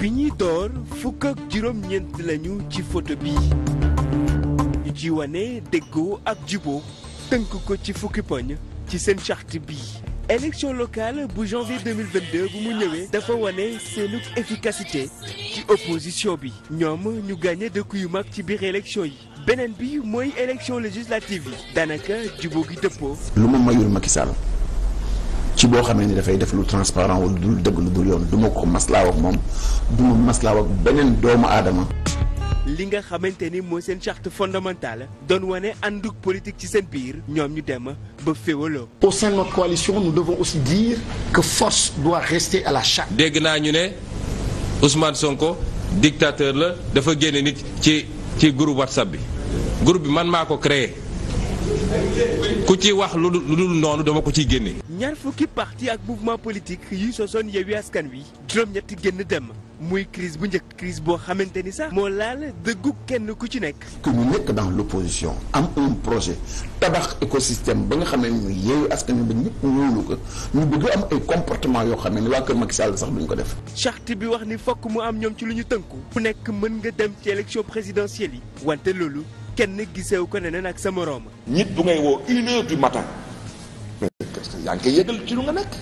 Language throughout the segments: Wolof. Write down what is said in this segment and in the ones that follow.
bi ñuy door fukk ak juróom-ñeent lañu ci photo bi ñu ci wane déggoo ak juboo tënk ko ci fukki poñ ci seen charte bi élection locale bu janvier 2022 bu mu ñëwee dafa wane seenug efficacité ci opposition bi ñoom ñu gagné dëkk yu mag ci biir élection yi. beneen bi mooy élection législative yi. daanaka juboo gi dëppoo. lu mu mayul Macky Sall ci boo xamee ni dafay def lu transparent wala lu dul dëgg lu dul yoon du ko maslaaw ak moom du ma maslaaw ak beneen doomu aadama. li nga xamante ni mooy seen charte fondamentale doon wane ànduk politique ci seen biir ñoom ñu dem ba féewaloo. pour sein de notre coalition nous devons aussi dire que force doit rester à la charte. dégg naa ñu ne Ousmane Sonko dictateur la dafa génne nit ci ci groupe WhatsApp bi groupe bi man maa ko créé. ku ci wax lu dul noonu dama ko ciy génne. ñaar fukki parti ak mouvement politique yi sosoon Yewwi Askan Wi juróom-ñetti génn dem muy crise bu njëkk crise boo xamante ni sax moo laal dëggu kenn ku ci nekk. que ñu nekk dans l'opposition am un projet tabax écosystème ba nga xam ne ñu Yewwi Askan Wi ba ñëpp ñu bëgg am ay comportement yoo xam ne waa kër Macky Sall sax duñ ko def. charte bi wax ni fokk mu am ñoom ci lu ñu tënku. ku nekk mën nga dem ci élection présidentielle yi wante loolu. kenn gisew ko neneen ak sa moroom. nit bu ngay woo une heure du matin. mais yaa ngi yëgal ci lu nga nekk.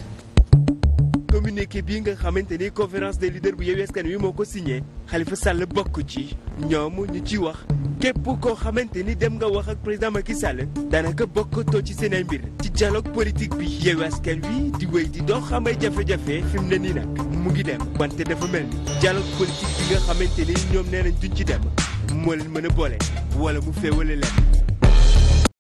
communiqué bii nga xamante ni conférence des leaders bu Yewwi Askan Wi moo ko signé Khalifa Sall bokk ci ñoom ñu ci wax képp koo xamante ni dem nga wax ak président Macky Sall daanaka bokkatoo ci seen ay mbir ci dialogue politique bi Yewwi Wi di wéy di dox xamay jafe-jafe fi mu ne nii nag mu ngi dem wante dafa mel ni dialogue politique bi nga xamante ñoom nee nañ ci dem moo leen mën a boole wala mu féewale leen